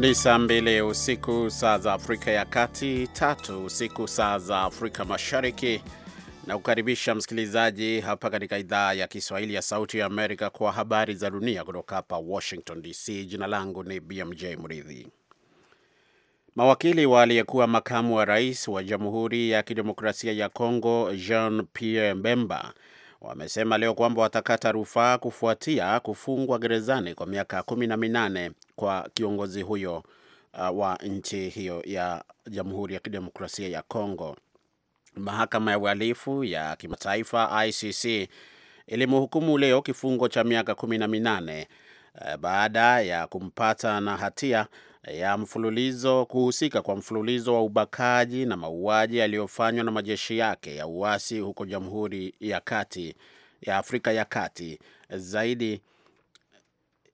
Ni saa mbili usiku saa za Afrika ya Kati, tatu usiku saa za Afrika Mashariki. Na kukaribisha msikilizaji hapa katika idhaa ya Kiswahili ya Sauti ya Amerika kwa habari za dunia kutoka hapa Washington DC. Jina langu ni BMJ Mridhi. Mawakili wa aliyekuwa makamu wa rais wa Jamhuri ya Kidemokrasia ya congo Jean Pierre Bemba wamesema leo kwamba watakata rufaa kufuatia kufungwa gerezani kwa miaka kumi na minane kwa kiongozi huyo uh, wa nchi hiyo ya Jamhuri ya Kidemokrasia ya Kongo. Mahakama ya Uhalifu ya Kimataifa ICC ilimhukumu leo kifungo cha miaka kumi na minane uh, baada ya kumpata na hatia ya mfululizo kuhusika kwa mfululizo wa ubakaji na mauaji yaliyofanywa na majeshi yake ya uasi huko Jamhuri ya Kati ya Afrika ya Kati zaidi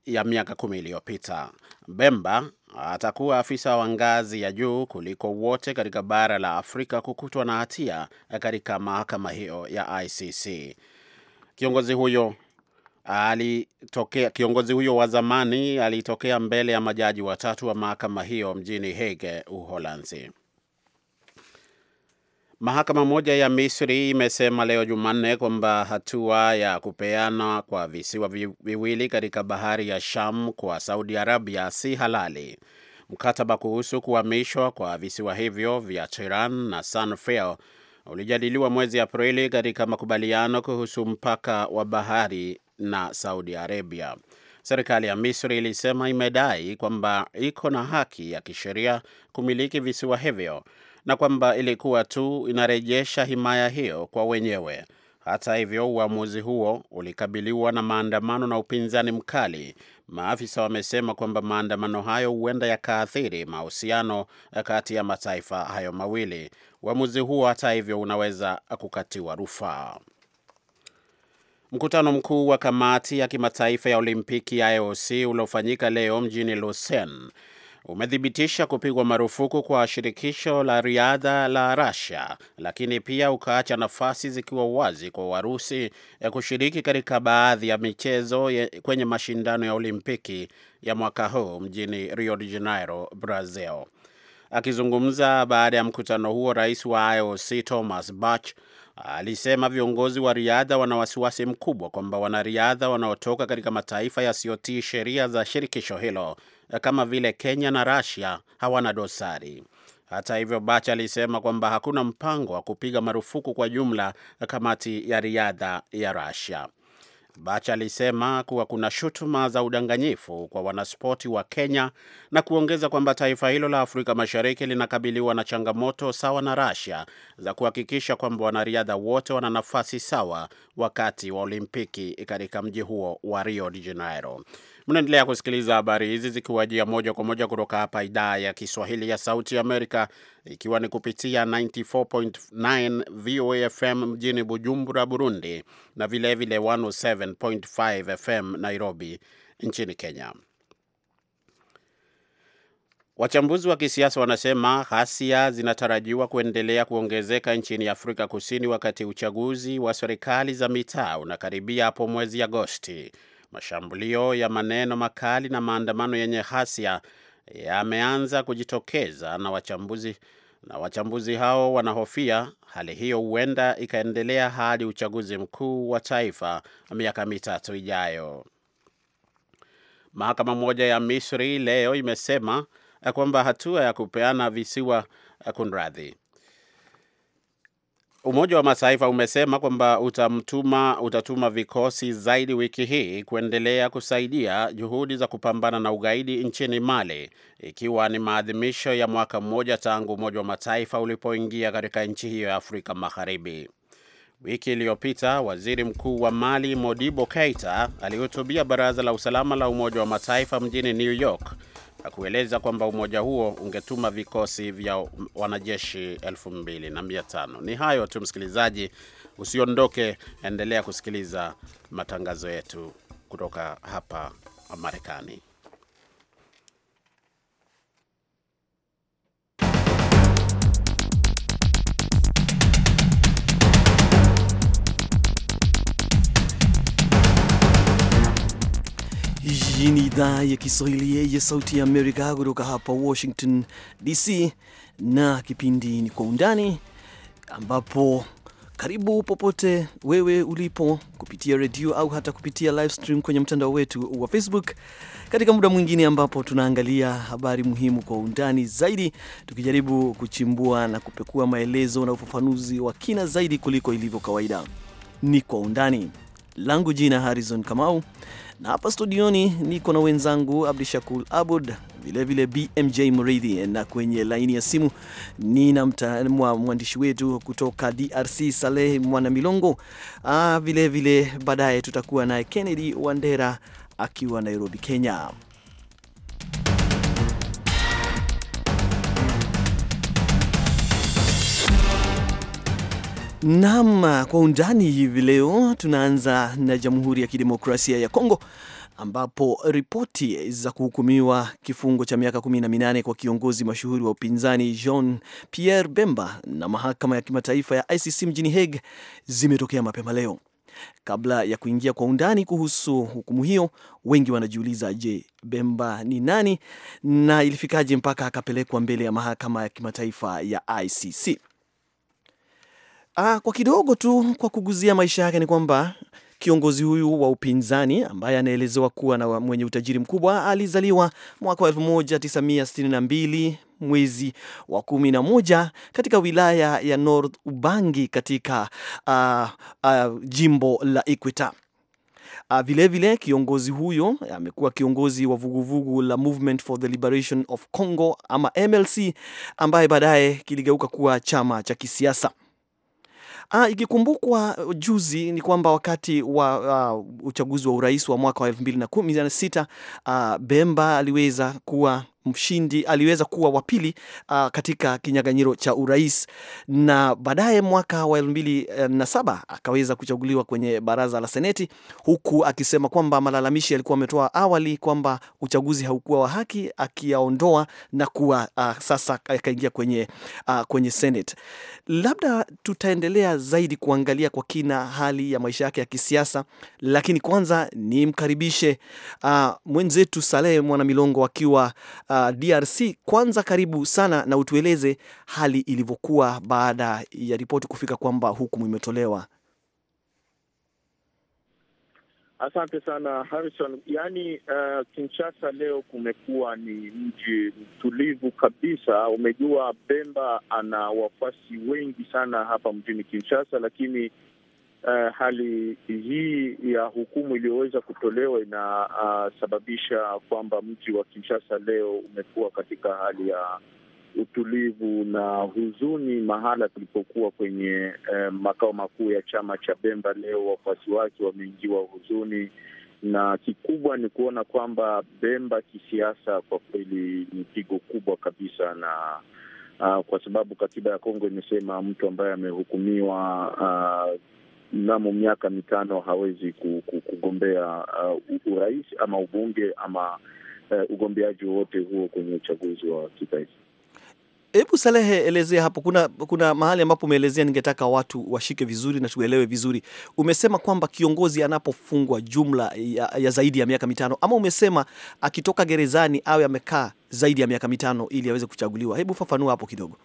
ya miaka kumi iliyopita. Bemba atakuwa afisa wa ngazi ya juu kuliko wote katika bara la Afrika kukutwa na hatia katika mahakama hiyo ya ICC. Kiongozi huyo alitokea kiongozi huyo wa zamani alitokea mbele ya majaji watatu wa mahakama hiyo mjini Hague, Uholanzi. Mahakama moja ya Misri imesema leo Jumanne kwamba hatua ya kupeana kwa visiwa viwili katika bahari ya Sham kwa Saudi Arabia si halali. Mkataba kuhusu kuhamishwa kwa visiwa hivyo vya Tiran na Sanafel ulijadiliwa mwezi Aprili katika makubaliano kuhusu mpaka wa bahari na Saudi Arabia. Serikali ya Misri ilisema imedai kwamba iko na haki ya kisheria kumiliki visiwa hivyo na kwamba ilikuwa tu inarejesha himaya hiyo kwa wenyewe. Hata hivyo, uamuzi huo ulikabiliwa na maandamano na upinzani mkali. Maafisa wamesema kwamba maandamano hayo huenda yakaathiri mahusiano kati ya mataifa hayo mawili. Uamuzi huo hata hivyo, unaweza kukatiwa rufaa. Mkutano mkuu wa kamati ya kimataifa ya Olimpiki IOC uliofanyika leo mjini Lausanne umethibitisha kupigwa marufuku kwa shirikisho la riadha la Russia, lakini pia ukaacha nafasi zikiwa wazi kwa Warusi ya eh, kushiriki katika baadhi ya michezo kwenye mashindano ya Olimpiki ya mwaka huu mjini Rio de Janeiro, Brazil. Akizungumza baada ya mkutano huo, rais wa IOC Thomas Bach alisema viongozi wa riadha wana wasiwasi mkubwa kwamba wanariadha wanaotoka katika mataifa yasiyotii sheria za shirikisho hilo kama vile Kenya na Russia hawana dosari. Hata hivyo, Bach alisema kwamba hakuna mpango wa kupiga marufuku kwa jumla kamati ya riadha ya Russia. Bach alisema kuwa kuna shutuma za udanganyifu kwa wanaspoti wa Kenya na kuongeza kwamba taifa hilo la Afrika Mashariki linakabiliwa na changamoto sawa na Russia za kuhakikisha kwamba wanariadha wote wana nafasi sawa wakati wa Olimpiki katika mji huo wa Rio de Janeiro. Mnaendelea kusikiliza habari hizi zikiwajia moja kwa moja kutoka hapa idhaa ya Kiswahili ya Sauti Amerika, ikiwa ni kupitia 94.9 VOA FM mjini Bujumbura, Burundi, na vilevile 107.5 FM Nairobi nchini Kenya. Wachambuzi wa kisiasa wanasema ghasia zinatarajiwa kuendelea kuongezeka nchini Afrika Kusini wakati uchaguzi wa serikali za mitaa unakaribia hapo mwezi Agosti mashambulio ya maneno makali na maandamano yenye ghasia yameanza kujitokeza na wachambuzi, na wachambuzi hao wanahofia hali hiyo huenda ikaendelea hadi uchaguzi mkuu wa taifa miaka mitatu ijayo. Mahakama moja ya Misri leo imesema kwamba hatua ya kupeana visiwa kunradhi Umoja wa Mataifa umesema kwamba utamtuma utatuma vikosi zaidi wiki hii kuendelea kusaidia juhudi za kupambana na ugaidi nchini Mali, ikiwa ni maadhimisho ya mwaka mmoja tangu Umoja wa Mataifa ulipoingia katika nchi hiyo ya Afrika Magharibi. Wiki iliyopita waziri mkuu wa Mali Modibo Keita alihutubia baraza la usalama la Umoja wa Mataifa mjini New York na kueleza kwamba umoja huo ungetuma vikosi vya wanajeshi 2500. Ni hayo tu, msikilizaji, usiondoke, endelea kusikiliza matangazo yetu kutoka hapa Marekani. Hii ni idhaa ya Kiswahili ya Sauti ya Amerika kutoka hapa Washington DC, na kipindi ni Kwa Undani, ambapo karibu popote wewe ulipo kupitia redio au hata kupitia live stream kwenye mtandao wetu wa Facebook katika muda mwingine ambapo tunaangalia habari muhimu kwa undani zaidi, tukijaribu kuchimbua na kupekua maelezo na ufafanuzi wa kina zaidi kuliko ilivyo kawaida. Ni Kwa Undani langu jina Harrison Kamau, na hapa studioni niko na wenzangu Abdishakur Abud vilevile BMJ Mridhi, na kwenye laini ya simu ni mtaalamu mwandishi wetu kutoka DRC Saleh Mwanamilongo. Vilevile ah, baadaye tutakuwa naye Kennedy Wandera akiwa Nairobi, Kenya. Naam, kwa undani hivi leo tunaanza na Jamhuri ya Kidemokrasia ya Kongo ambapo ripoti za kuhukumiwa kifungo cha miaka 18 kwa kiongozi mashuhuri wa upinzani Jean Pierre Bemba na mahakama ya kimataifa ya ICC mjini Hague zimetokea mapema leo. Kabla ya kuingia kwa undani kuhusu hukumu hiyo, wengi wanajiuliza, je, Bemba ni nani na ilifikaje mpaka akapelekwa mbele ya mahakama ya kimataifa ya ICC? Ah, kwa kidogo tu kwa kuguzia maisha yake ni kwamba kiongozi huyu wa upinzani ambaye anaelezewa kuwa na mwenye utajiri mkubwa alizaliwa mwaka wa 1962 mwezi wa 11 katika wilaya ya North Ubangi katika uh, uh, jimbo la Equator. Vilevile ah, vile, kiongozi huyo amekuwa kiongozi wa vuguvugu la Movement for the Liberation of Congo ama MLC ambaye baadaye kiligeuka kuwa chama cha kisiasa. Ah, ikikumbukwa uh, juzi ni kwamba wakati wa uh, uchaguzi wa urais wa mwaka wa 2016 uh, Bemba aliweza kuwa mshindi aliweza kuwa wa pili uh, katika kinyaganyiro cha urais, na baadaye mwaka wa elfu mbili na saba akaweza kuchaguliwa kwenye baraza la Seneti, huku akisema kwamba malalamishi alikuwa ametoa awali kwamba uchaguzi haukuwa wa haki, akiyaondoa na kuwa uh, sasa akaingia kwenye, uh, kwenye Senate. Labda tutaendelea zaidi kuangalia kwa kina hali ya maisha yake ya kisiasa, lakini kwanza nimkaribishe uh, mwenzetu Salehe Mwana Milongo akiwa uh, uh, DRC kwanza, karibu sana na utueleze hali ilivyokuwa baada ya ripoti kufika kwamba hukumu imetolewa. Asante sana Harrison. Yaani uh, Kinshasa leo kumekuwa ni mji mtulivu kabisa. Umejua Bemba ana wafuasi wengi sana hapa mjini Kinshasa, lakini uh, hali hii ya hukumu iliyoweza kutolewa inasababisha ah, uh, kwamba mji wa Kinshasa leo umekuwa katika hali ya utulivu na huzuni. Mahala tulipokuwa kwenye uh, makao makuu ya chama cha Bemba, leo wafuasi wake wameingiwa huzuni, na kikubwa ni kuona kwamba Bemba kisiasa kwa kweli ni pigo kubwa kabisa, na uh, kwa sababu katiba ya Kongo imesema mtu ambaye amehukumiwa uh, mnamo miaka mitano hawezi kugombea uh, urais ama ubunge ama uh, ugombeaji wowote huo kwenye uchaguzi wa kitaifa. Hebu Salehe, elezea hapo. Kuna, kuna mahali ambapo umeelezea, ningetaka watu washike vizuri na tuelewe vizuri. Umesema kwamba kiongozi anapofungwa jumla ya, ya zaidi ya miaka mitano, ama umesema akitoka gerezani awe amekaa zaidi ya miaka mitano ili aweze kuchaguliwa. Hebu fafanua hapo kidogo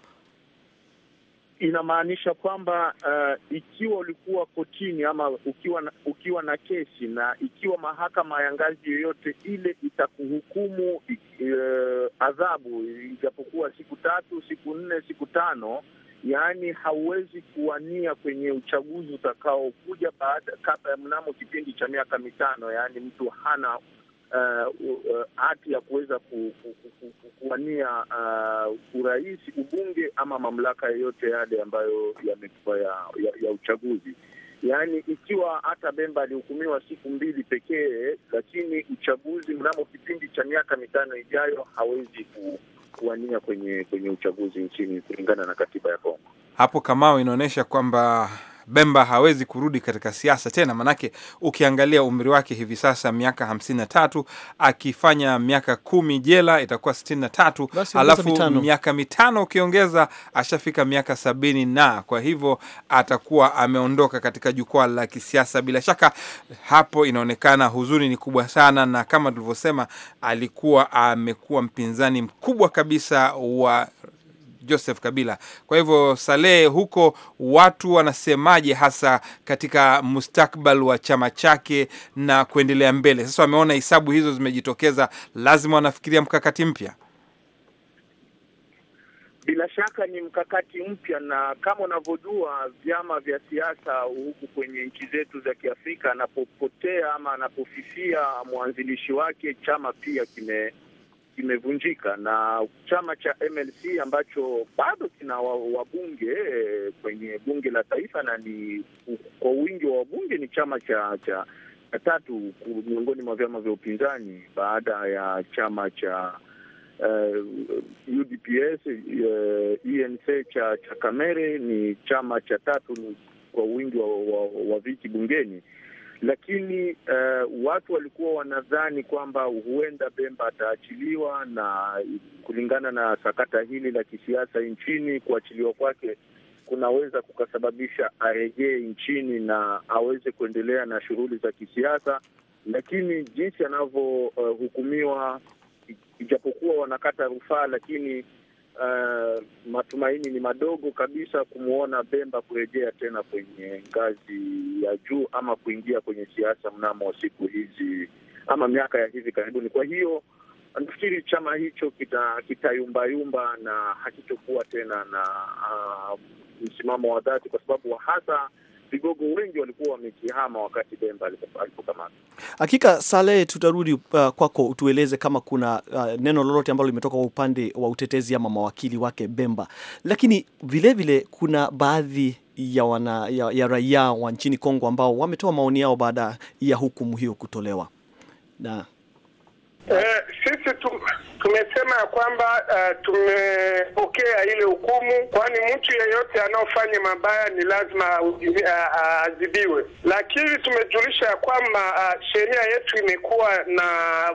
inamaanisha kwamba uh, ikiwa ulikuwa kotini ama ukiwa na, ukiwa na kesi na ikiwa mahakama ya ngazi yoyote ile itakuhukumu uh, adhabu ijapokuwa siku tatu, siku nne, siku tano, yaani hauwezi kuwania kwenye uchaguzi utakaokuja baada kabla ya mnamo kipindi cha miaka mitano, yaani mtu hana haki uh, uh, hati ya kuweza ku, kuwania uh, urais, ubunge ama mamlaka yoyote yale ambayo yamekuwa ya, ya, ya uchaguzi. Yaani, ikiwa hata Bemba alihukumiwa siku mbili pekee, lakini uchaguzi mnamo kipindi cha miaka mitano ijayo hawezi ku, kuwania kwenye kwenye uchaguzi nchini kulingana na katiba ya Kongo. Hapo Kamao inaonyesha kwamba Bemba hawezi kurudi katika siasa tena, manake ukiangalia umri wake hivi sasa miaka hamsini na tatu, akifanya miaka kumi jela itakuwa sitini na tatu, alafu mitano, miaka mitano ukiongeza ashafika miaka sabini, na kwa hivyo atakuwa ameondoka katika jukwaa la kisiasa bila shaka. Hapo inaonekana huzuni ni kubwa sana, na kama tulivyosema, alikuwa amekuwa mpinzani mkubwa kabisa wa Joseph Kabila. Kwa hivyo, Salehe, huko watu wanasemaje hasa katika mustakbal wa chama chake na kuendelea mbele? Sasa wameona hisabu hizo zimejitokeza, lazima wanafikiria mkakati mpya. Bila shaka ni mkakati mpya, na kama unavyojua vyama vya siasa huku kwenye nchi zetu za Kiafrika, anapopotea ama anapofifia mwanzilishi wake, chama pia kime kimevunjika na chama cha MLC ambacho bado kina wabunge eh, kwenye bunge la taifa na ni kwa wingi wa wabunge ni chama cha cha tatu miongoni mwa vyama vya upinzani baada ya chama cha uh, eh, UDPS uh, eh, ENC cha, cha Kamere ni chama cha tatu kwa wingi wa, wa, wa viti bungeni lakini uh, watu walikuwa wanadhani kwamba huenda Bemba ataachiliwa, na kulingana na sakata hili la kisiasa nchini, kuachiliwa kwake kunaweza kukasababisha arejee nchini na aweze kuendelea na shughuli za kisiasa, lakini jinsi anavyohukumiwa eh, uh, ijapokuwa wanakata rufaa, lakini uh, matumaini ni madogo kabisa kumwona Bemba kurejea tena kwenye ngazi ya juu ama kuingia kwenye siasa mnamo siku hizi ama miaka ya hivi karibuni. Kwa hiyo nafikiri chama hicho kitayumbayumba kita na hakitokuwa tena na uh, msimamo wa dhati, kwa sababu hasa vigogo wengi walikuwa wamekihama wakati Bemba alipokamatwa. Hakika Sale, tutarudi uh, kwako utueleze kama kuna uh, neno lolote ambalo limetoka kwa upande wa utetezi ama mawakili wake Bemba, lakini vilevile vile kuna baadhi ya, wana, ya, ya raia wa nchini Kongo ambao wametoa maoni yao baada ya hukumu hiyo kutolewa na eh, sisi tum, tumesema ya kwamba uh, tumepokea ile hukumu, kwani mtu yeyote anaofanya mabaya ni lazima aadhibiwe. Lakini tumejulisha ya kwamba uh, sheria yetu imekuwa na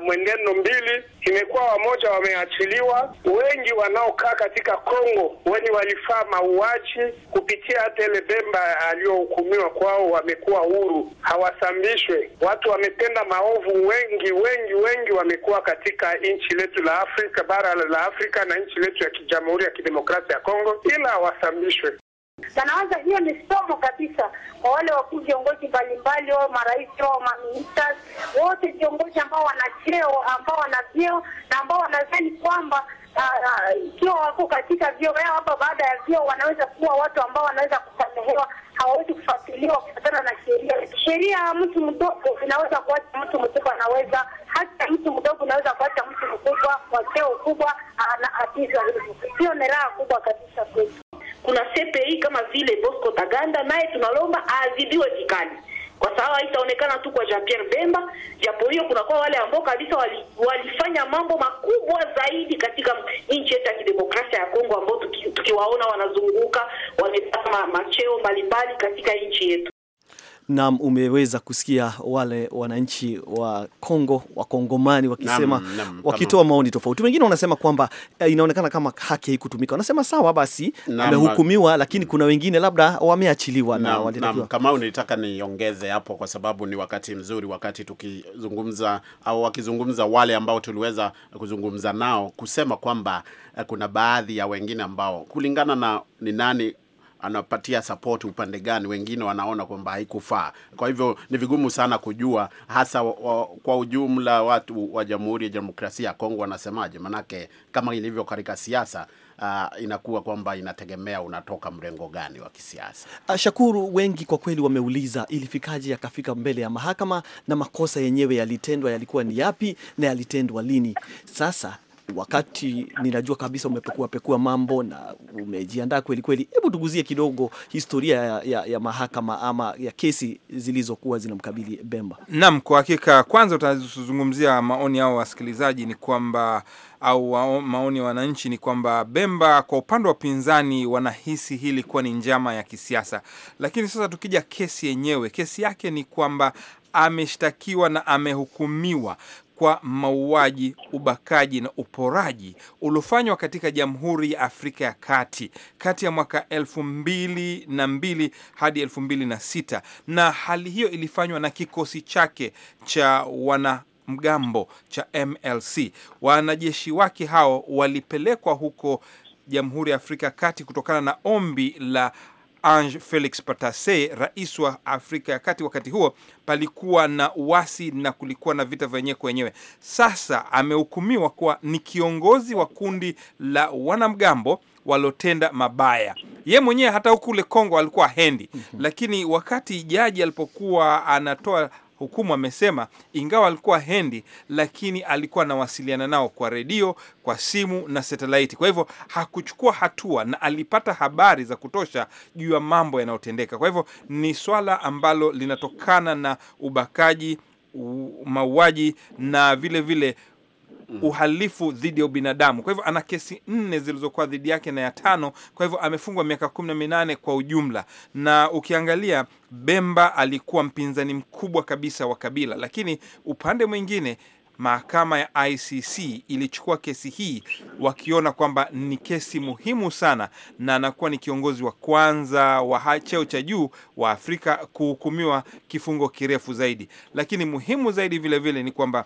mwenendo mbili, imekuwa wamoja wameachiliwa, wengi wanaokaa katika Kongo wenye walifaa mauaji kupitia hata ile Bemba aliyohukumiwa kwao, wamekuwa huru, hawasambishwe. Watu wametenda maovu wengi wengi wengi, wamekuwa katika katika nchi letu la Afrika, bara la Afrika na nchi letu ya Jamhuri ya Kidemokrasia ya Kongo, ila wasambishwe Nanawaza hiyo ni somo kabisa kwa wale wakuu viongozi mbalimbali, wao marais, wao maministers, wote viongozi ambao wana cheo, ambao wana vyeo na ambao wanadhani kwamba ah, ah, ikiwa wako katika vyeo hapa, baada ya vyeo wanaweza kuwa watu ambao wanaweza kusamehewa hawezi kufuatiliwa kufuatana na sheria. Sheria ya mtu mdogo inaweza kuacha mtu mkubwa, anaweza hata mtu mdogo unaweza kuacha mtu mkubwa kwa cheo kubwa, anaatizwa hivyo. sio ni raha kubwa kabisa kwetu. Kuna CPI kama vile Bosco Taganda, naye tunalomba aadhibiwe kikali kwa sababu haitaonekana tu kwa Jean Pierre Bemba, japo hiyo kunakuwa wale ambao kabisa wali, walifanya mambo makubwa zaidi katika nchi yetu ya kidemokrasia ya Kongo, ambao tukiwaona tuki wanazunguka wamepata macheo mbalimbali katika nchi yetu. Naam, umeweza kusikia wale wananchi wa Kongo wakongomani wakisema wakitoa maoni tofauti. Wengine wanasema kwamba eh, inaonekana kama haki haikutumika, wanasema sawa basi, amehukumiwa, lakini kuna wengine labda wameachiliwa. Na kama unitaka niongeze hapo, kwa sababu ni wakati mzuri, wakati tukizungumza au wakizungumza wale ambao tuliweza kuzungumza nao, kusema kwamba eh, kuna baadhi ya wengine ambao kulingana na ni nani anapatia support upande gani, wengine wanaona kwamba haikufaa. Kwa hivyo ni vigumu sana kujua hasa wa, wa, kwa ujumla watu wa Jamhuri ya Demokrasia ya Kongo wanasemaje, manake kama ilivyo katika siasa Uh, inakuwa kwamba inategemea unatoka mrengo gani wa kisiasa. Ah, Shakuru, wengi kwa kweli wameuliza ilifikaje yakafika mbele ya mahakama, na makosa yenyewe yalitendwa yalikuwa ni yapi na yalitendwa lini? Sasa wakati ninajua kabisa umepekua pekua mambo na umejiandaa kweli kweli, hebu tuguzie kidogo historia ya, ya, ya mahakama ama ya kesi zilizokuwa zinamkabili Bemba. Naam, kwa hakika, kwanza utazungumzia maoni yao wasikilizaji ni kwamba au maoni ya wananchi ni kwamba Bemba kwa upande wa upinzani wanahisi hii ilikuwa ni njama ya kisiasa. Lakini sasa tukija kesi yenyewe, kesi yake ni kwamba ameshtakiwa na amehukumiwa kwa mauaji, ubakaji na uporaji uliofanywa katika Jamhuri ya Afrika ya Kati kati ya mwaka elfu mbili na mbili hadi elfu mbili na sita na hali hiyo ilifanywa na kikosi chake cha wana mgambo cha MLC. Wanajeshi wake hao walipelekwa huko Jamhuri ya Afrika Kati kutokana na ombi la Ange Felix Patasse, rais wa Afrika ya Kati wakati huo, palikuwa na uasi na kulikuwa na vita vyenyewe kwa wenyewe. Sasa amehukumiwa kuwa ni kiongozi wa kundi la wanamgambo walotenda mabaya. Ye mwenyewe hata huku kule Kongo alikuwa hendi, mhm. lakini wakati jaji alipokuwa anatoa hukumu amesema ingawa alikuwa hendi, lakini alikuwa anawasiliana nao kwa redio, kwa simu na satelaiti. Kwa hivyo hakuchukua hatua na alipata habari za kutosha juu ya mambo yanayotendeka. Kwa hivyo ni swala ambalo linatokana na ubakaji, mauaji na vilevile vile Mm. uhalifu dhidi ya ubinadamu. Kwa hivyo ana kesi nne zilizokuwa dhidi yake na ya tano, kwa hivyo amefungwa miaka kumi na minane kwa ujumla. Na ukiangalia Bemba alikuwa mpinzani mkubwa kabisa wa Kabila, lakini upande mwingine mahakama ya ICC ilichukua kesi hii wakiona kwamba ni kesi muhimu sana, na anakuwa ni kiongozi wa kwanza wa cheo cha juu wa Afrika kuhukumiwa kifungo kirefu zaidi. Lakini muhimu zaidi vilevile vile ni kwamba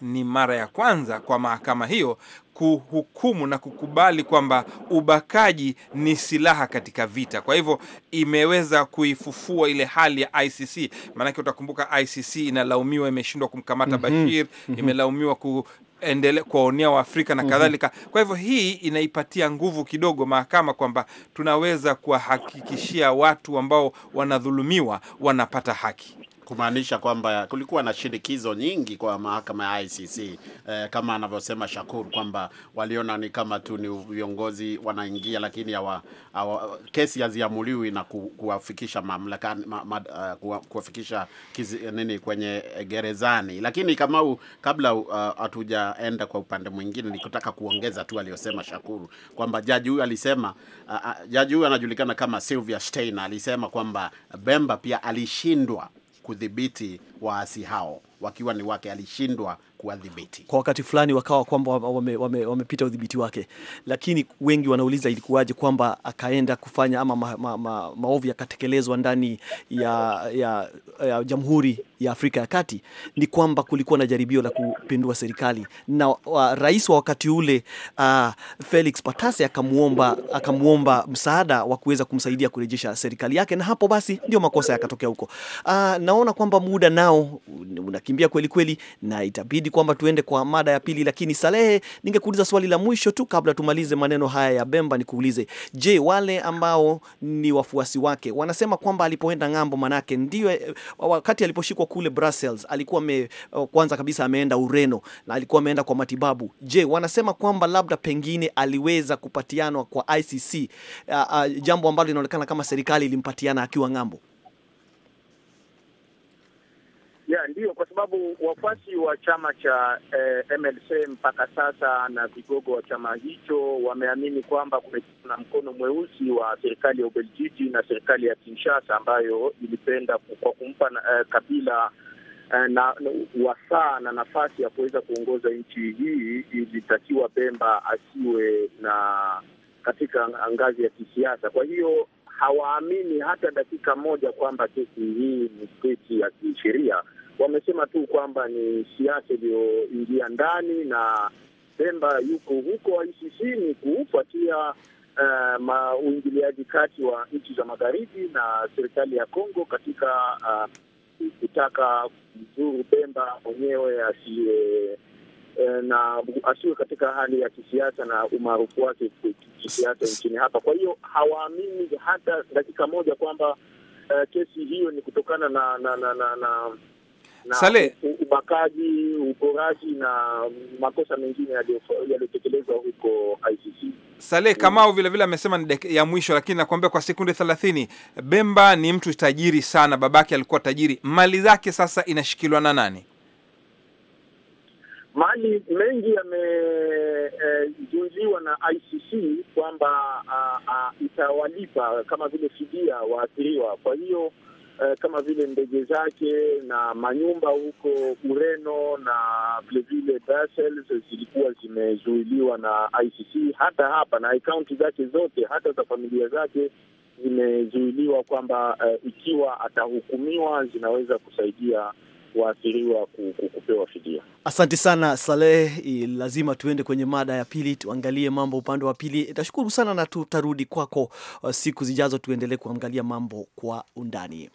ni mara ya kwanza kwa mahakama hiyo kuhukumu na kukubali kwamba ubakaji ni silaha katika vita. Kwa hivyo imeweza kuifufua ile hali ya ICC, maanake utakumbuka ICC inalaumiwa, imeshindwa kumkamata mm -hmm. Bashir mm -hmm. imelaumiwa ku endele kuwaonea Waafrika na mhm. kadhalika. Kwa hivyo hii inaipatia nguvu kidogo mahakama kwamba tunaweza kuwahakikishia watu ambao wanadhulumiwa wanapata haki kumaanisha kwamba kulikuwa na shinikizo nyingi kwa mahakama ya ICC eh, kama anavyosema Shakur kwamba waliona ni kama tu ni viongozi wanaingia, lakini awa, awa, kesi haziamuliwi na ku, kuwafikisha mamlaka ma, ma, uh, kuwafikisha kizi, nini kwenye gerezani. Lakini Kamau, kabla uh, hatujaenda uh, kwa upande mwingine, nikutaka kuongeza tu aliyosema Shakuru kwamba jaji huyu alisema uh, uh, jaji huyu anajulikana kama Sylvia Steiner alisema kwamba Bemba pia alishindwa kudhibiti waasi hao wakiwa ni wake, alishindwa kuwadhibiti kwa wakati fulani, wakawa kwamba wamepita wame, wame udhibiti wake, lakini wengi wanauliza ilikuwaje kwamba akaenda kufanya ama ma, ma, ma, maovu yakatekelezwa ndani ya, ya, ya Jamhuri ya Afrika ya Kati. Ni kwamba kulikuwa na jaribio la kupindua serikali na wa, rais wa wakati ule uh, Felix Patase akamuomba akamuomba msaada wa kuweza kumsaidia kurejesha serikali yake, na hapo basi ndio makosa yakatokea huko. Uh, naona kwamba muda nao unakimbia kweli kweli na itabidi inabidi kwamba tuende kwa mada ya pili, lakini Salehe, ningekuuliza swali la mwisho tu kabla tumalize maneno haya ya Bemba, nikuulize, je, wale ambao ni wafuasi wake wanasema kwamba alipoenda ng'ambo, manake ndio eh, wakati aliposhikwa kule Brussels alikuwa me, eh, kwanza kabisa ameenda Ureno na alikuwa ameenda kwa matibabu. Je, wanasema kwamba labda pengine aliweza kupatianwa kwa ICC, uh, ah, uh, ah, jambo ambalo linaonekana kama serikali ilimpatiana akiwa ng'ambo ya ndiyo, kwa sababu wafuasi wa chama cha eh, MLC mpaka sasa na vigogo wa chama hicho wameamini kwamba kumekuwa na mkono mweusi wa serikali ya Ubeljiji na serikali ya Kinshasa ambayo ilipenda kwa kumpa eh, Kabila eh, na wasaa na nafasi ya kuweza kuongoza nchi hii. Ilitakiwa Bemba asiwe na katika ngazi ya kisiasa, kwa hiyo hawaamini hata dakika moja kwamba kesi hii ni kesi ya kisheria wamesema tu kwamba ni siasa iliyoingia ndani na Pemba yuko huko ICC ni kufuatia uh, uingiliaji kati wa nchi za magharibi na serikali ya Kongo katika uh, kutaka mzuru Pemba mwenyewe asiye eh, na asiwe katika hali ya kisiasa na umaarufu wake kisiasa nchini hapa. Kwa hiyo hawaamini hata dakika moja kwamba uh, kesi hiyo ni kutokana na na na, na, na na ubakaji, uporaji na makosa mengine yaliyotekelezwa huko ICC. Sale mm. Kamau vile vile amesema ni ya mwisho, lakini nakuambia kwa sekunde 30. Bemba ni mtu tajiri sana, babake alikuwa tajiri. Mali zake sasa inashikiliwa na nani? Mali mengi yamezuiliwa eh, e, na ICC kwamba ah, ah, itawalipa kama vile fidia waathiriwa. Kwa hiyo eh, kama vile ndege zake na manyumba huko Ureno na vilevile Brussels zilikuwa zimezuiliwa na ICC, hata hapa na akaunti zake zote, hata za familia zake zimezuiliwa kwamba eh, ikiwa atahukumiwa zinaweza kusaidia waathiriwa kupewa fidia. Asante sana Saleh, lazima tuende kwenye mada ya pili, tuangalie mambo upande wa pili. Nashukuru sana na tutarudi kwako eh, siku zijazo, tuendelee kuangalia mambo kwa undani.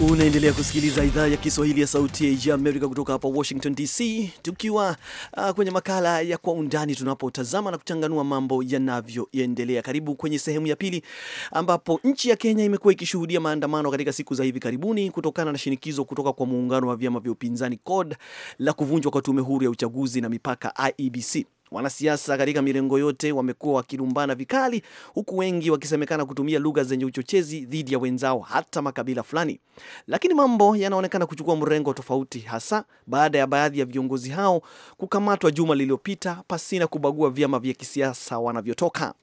Unaendelea kusikiliza idhaa ya Kiswahili ya Sauti ya Amerika kutoka hapa Washington DC, tukiwa uh, kwenye makala ya Kwa Undani, tunapotazama na kuchanganua mambo yanavyoendelea. Karibu kwenye sehemu ya pili, ambapo nchi ya Kenya imekuwa ikishuhudia maandamano katika siku za hivi karibuni kutokana na shinikizo kutoka kwa muungano wa vyama vya upinzani CORD la kuvunjwa kwa tume huru ya uchaguzi na mipaka IEBC. Wanasiasa katika mirengo yote wamekuwa wakilumbana vikali, huku wengi wakisemekana kutumia lugha zenye uchochezi dhidi ya wenzao, hata makabila fulani. Lakini mambo yanaonekana kuchukua mrengo tofauti, hasa baada ya baadhi ya viongozi hao kukamatwa juma lililopita pasina kubagua vyama vya kisiasa wanavyotoka.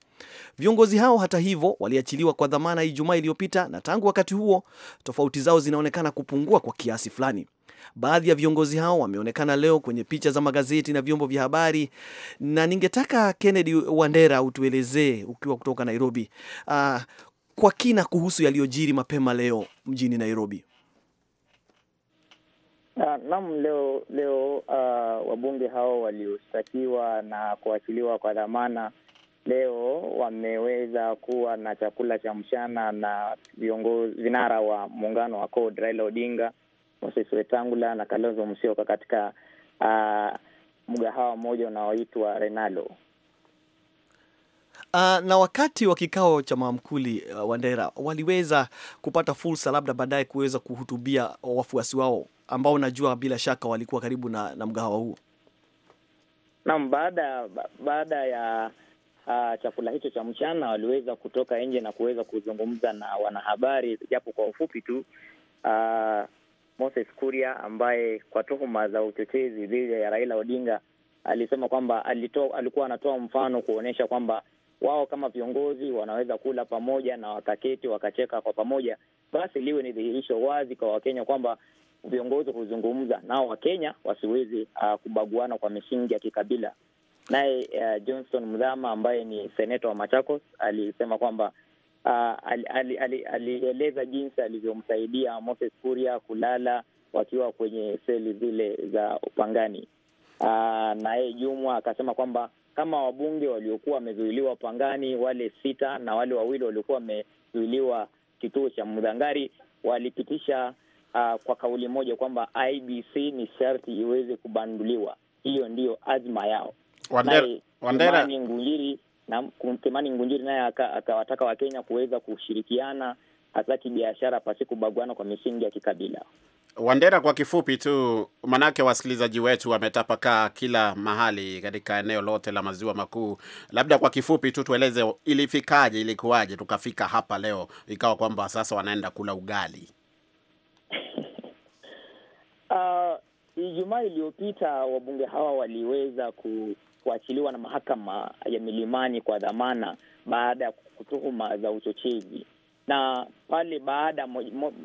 Viongozi hao hata hivyo waliachiliwa kwa dhamana Ijumaa iliyopita, na tangu wakati huo tofauti zao zinaonekana kupungua kwa kiasi fulani. Baadhi ya viongozi hao wameonekana leo kwenye picha za magazeti na vyombo vya habari, na ningetaka Kennedy Wandera utuelezee ukiwa kutoka Nairobi, uh, kwa kina kuhusu yaliyojiri mapema leo mjini Nairobi. Ah, naam, leo leo uh, wabunge hao walioshtakiwa na kuachiliwa kwa dhamana leo wameweza kuwa na chakula cha mchana na viongozi vinara wa muungano wa CORD Raila Odinga Moses Wetangula na Kalonzo Musyoka katika uh, mgahawa mmoja unaoitwa Renalo. Uh, na wakati wa kikao cha maamkuli uh, Wandera waliweza kupata fursa labda baadaye kuweza kuhutubia wafuasi wao ambao najua bila shaka walikuwa karibu na, na mgahawa huo. Naam, baada baada ya uh, chakula hicho cha mchana waliweza kutoka nje na kuweza kuzungumza na wanahabari japo kwa ufupi tu uh, Moses Kuria ambaye kwa tuhuma za uchochezi dhidi ya Raila Odinga alisema kwamba alikuwa anatoa mfano kuonyesha kwamba wao kama viongozi wanaweza kula pamoja na wakaketi wakacheka kwa pamoja, basi liwe ni dhihirisho wazi kwa Wakenya kwamba viongozi huzungumza nao Wakenya wasiwezi uh, kubaguana kwa misingi ya kikabila. Naye uh, Johnson Mdhama ambaye ni seneta wa Machakos alisema kwamba Ah, alieleza jinsi alivyomsaidia Moses Kuria kulala wakiwa kwenye seli zile za upangani. Ah, na yeye Jumwa akasema kwamba kama wabunge waliokuwa wamezuiliwa Pangani, wale sita na wale wawili waliokuwa wamezuiliwa kituo cha Mudhangari walipitisha uh, kwa kauli moja kwamba IBC ni sharti iweze kubanduliwa. Hiyo ndiyo azma yao. Wandera Ngunjiri na Kimani Ngunjiri naye akawataka Wakenya kuweza kushirikiana hasa kibiashara pasi kubaguana kwa misingi ya kikabila. Wandera, kwa kifupi tu, manake wasikilizaji wetu wametapakaa kila mahali katika eneo lote la maziwa makuu, labda kwa kifupi tu tueleze ilifikaje, ilikuwaje tukafika hapa leo ikawa kwamba sasa wanaenda kula ugali? Ah, Ijumaa uh, iliyopita wabunge hawa waliweza ku kuachiliwa na mahakama ya Milimani kwa dhamana baada ya kutuhuma za uchochezi na pale baada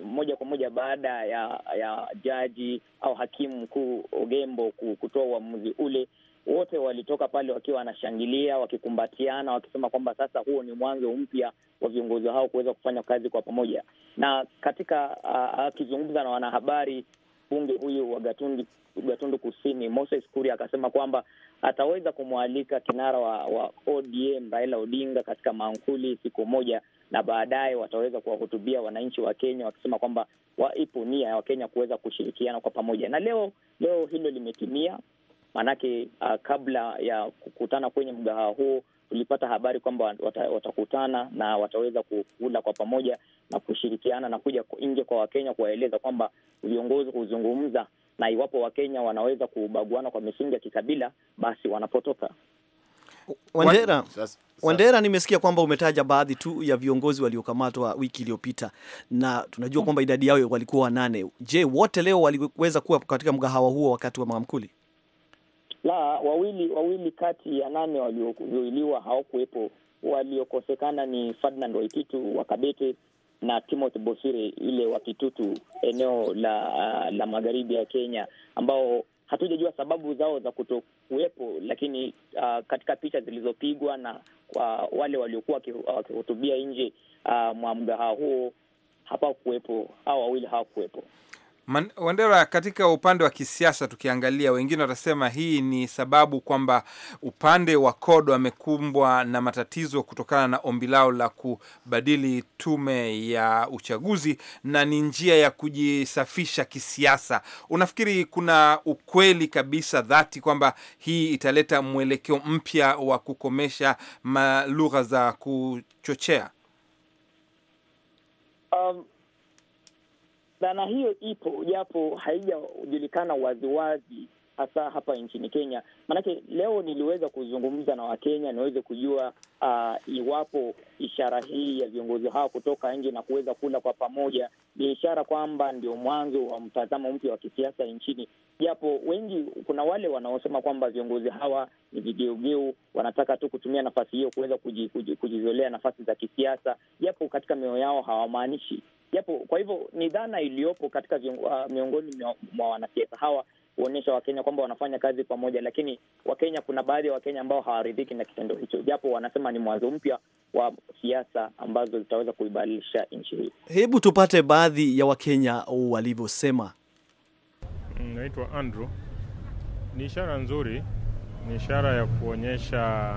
moja kwa moja baada ya ya jaji au hakimu mkuu Ogembo kutoa uamuzi ule, wote walitoka pale wakiwa wanashangilia, wakikumbatiana, wakisema kwamba sasa huo ni mwanzo mpya wa viongozi hao kuweza kufanya kazi kwa pamoja. Na katika akizungumza na wanahabari mbunge huyu wa Gatundu, Gatundu Kusini Moses kuri akasema kwamba ataweza kumwalika kinara wa, wa ODM Raila Odinga katika mankuli siku moja, na baadaye wataweza kuwahutubia wananchi wa Kenya wakisema kwamba ipo nia ya Wakenya kuweza kushirikiana kwa pamoja, na leo leo hilo limetimia, maanake uh, kabla ya kukutana kwenye mgahawa huo tulipata habari kwamba watakutana na wataweza kula kwa pamoja na kushirikiana na kuja nje kwa Wakenya kuwaeleza kwamba viongozi huzungumza, na iwapo Wakenya wanaweza kubaguana kwa misingi ya kikabila, basi wanapotoka Wandera, Wandera, nimesikia kwamba umetaja baadhi tu ya viongozi waliokamatwa wiki iliyopita na tunajua kwamba idadi yao walikuwa wanane. Je, wote leo waliweza kuwa katika mgahawa huo wakati wa maamkuli? La, wawili wawili kati ya nane waliozuiliwa hawakuwepo. Waliokosekana ni Ferdinand Waititu wa Kabete na Timothy Bosire ile wa Kitutu, eneo la la magharibi ya Kenya, ambao hatujajua sababu zao za kutokuwepo, lakini uh, katika picha zilizopigwa na kwa wale waliokuwa wakihutubia nje uh, mwa mgahawa huo hapakuwepo, hao wawili hawakuwepo. Man, Wandera, katika upande wa kisiasa tukiangalia, wengine watasema hii ni sababu kwamba upande wa COD wamekumbwa na matatizo kutokana na ombi lao la kubadili tume ya uchaguzi na ni njia ya kujisafisha kisiasa. Unafikiri kuna ukweli kabisa dhati kwamba hii italeta mwelekeo mpya wa kukomesha lugha za kuchochea? um... Dhana hiyo ipo japo haijajulikana waziwazi hasa hapa nchini Kenya. Maanake leo niliweza kuzungumza na Wakenya niweze kujua uh, iwapo ishara hii ya viongozi hao kutoka nje na kuweza kula kwa pamoja ni ishara kwamba ndio mwanzo wa mtazamo mpya wa kisiasa nchini, japo wengi, kuna wale wanaosema kwamba viongozi hawa ni vigeugeu, wanataka tu kutumia nafasi hiyo kuweza kujizolea nafasi za kisiasa, japo katika mioyo yao hawamaanishi japo. Kwa hivyo ni dhana iliyopo katika uh, miongoni mwa wanasiasa hawa huonyesha Wakenya kwamba wanafanya kazi pamoja, lakini Wakenya, kuna baadhi ya Wakenya ambao hawaridhiki na kitendo hicho, japo wanasema ni mwanzo mpya wa siasa ambazo zitaweza kuibadilisha nchi hii. Hebu tupate baadhi ya Wakenya walivyosema. Mm, naitwa Andrew. Ni ishara nzuri, ni ishara ya kuonyesha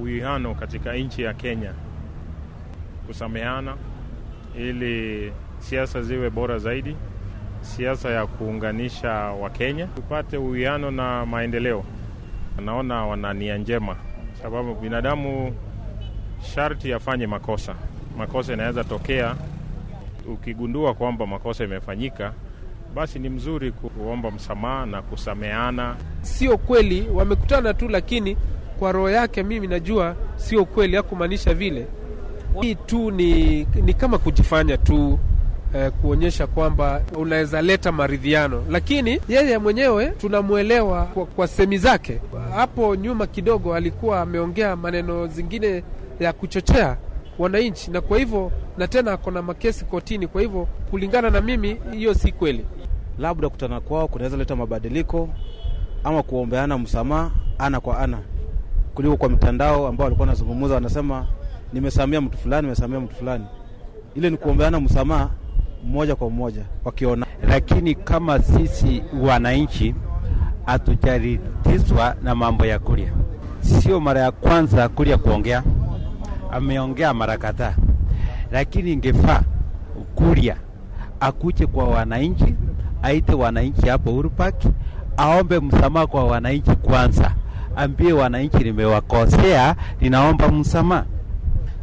uwiano katika nchi ya Kenya, kusameheana ili siasa ziwe bora zaidi, siasa ya kuunganisha Wakenya, tupate uwiano na maendeleo. Naona wana nia njema, sababu binadamu sharti afanye makosa. Makosa inaweza tokea, ukigundua kwamba makosa imefanyika basi ni mzuri kuomba msamaha na kusameana. Sio kweli wamekutana tu, lakini kwa roho yake mimi najua sio kweli, hakumaanisha vile. Hii tu ni, ni kama kujifanya tu eh, kuonyesha kwamba unaweza leta maridhiano, lakini yeye mwenyewe tunamwelewa kwa, kwa semi zake. Hapo nyuma kidogo alikuwa ameongea maneno zingine ya kuchochea wananchi, na kwa hivyo na tena ako na makesi kotini. Kwa hivyo kulingana na mimi, hiyo si kweli. Labda kutana kwao kunaweza leta mabadiliko ama kuombeana msamaha ana kwa ana kuliko kwa mtandao ambao walikuwa wanazungumza, wanasema nimesamia mtu fulani, nimesamia mtu fulani. Ile ni kuombeana msamaha mmoja kwa mmoja wakiona. Lakini kama sisi wananchi hatujaridhishwa na mambo ya kulia, sio mara ya kwanza kulia kuongea, ameongea mara kadhaa, lakini ingefaa kulia akuje kwa wananchi, aite wananchi hapo Uhuru Park, aombe msamaha kwa wananchi kwanza, ambie wananchi, nimewakosea, ninaomba msamaha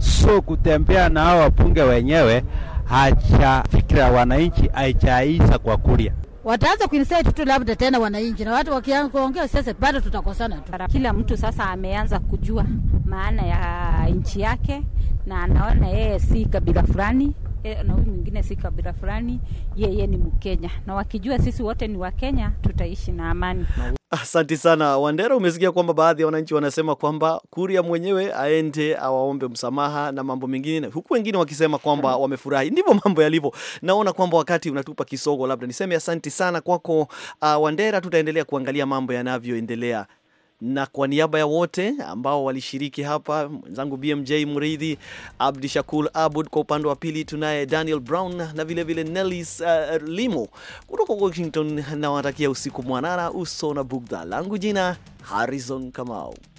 so kutembea na hao wabunge wenyewe hachafikira wananchi, haichaisa kwa kulia wataanza kuinsait tu labda tena wananchi, na watu wakianza kuongea bado tutakosana tu. Kila mtu sasa ameanza kujua maana ya nchi yake, na anaona yeye si kabila fulani e, na huyu mwingine si kabila fulani, yeye ni Mkenya, na wakijua sisi wote ni Wakenya tutaishi na amani. Asante sana Wandera. Umesikia kwamba baadhi ya wananchi wanasema kwamba Kuria mwenyewe aende awaombe msamaha na mambo mengine, huku wengine wakisema kwamba hmm. wamefurahi. Ndivyo mambo yalivyo. Naona kwamba wakati unatupa kisogo, labda niseme asante sana kwako, uh, Wandera. Tutaendelea kuangalia mambo yanavyoendelea na kwa niaba ya wote ambao walishiriki hapa, mwenzangu BMJ Mridhi, Abdi Shakul Abud kwa upande wa pili, tunaye Daniel Brown na vilevile Nelis uh, Limo kutoka Washington, nawatakia usiku mwanana, uso na bugdha. Langu jina Harrison Kamau.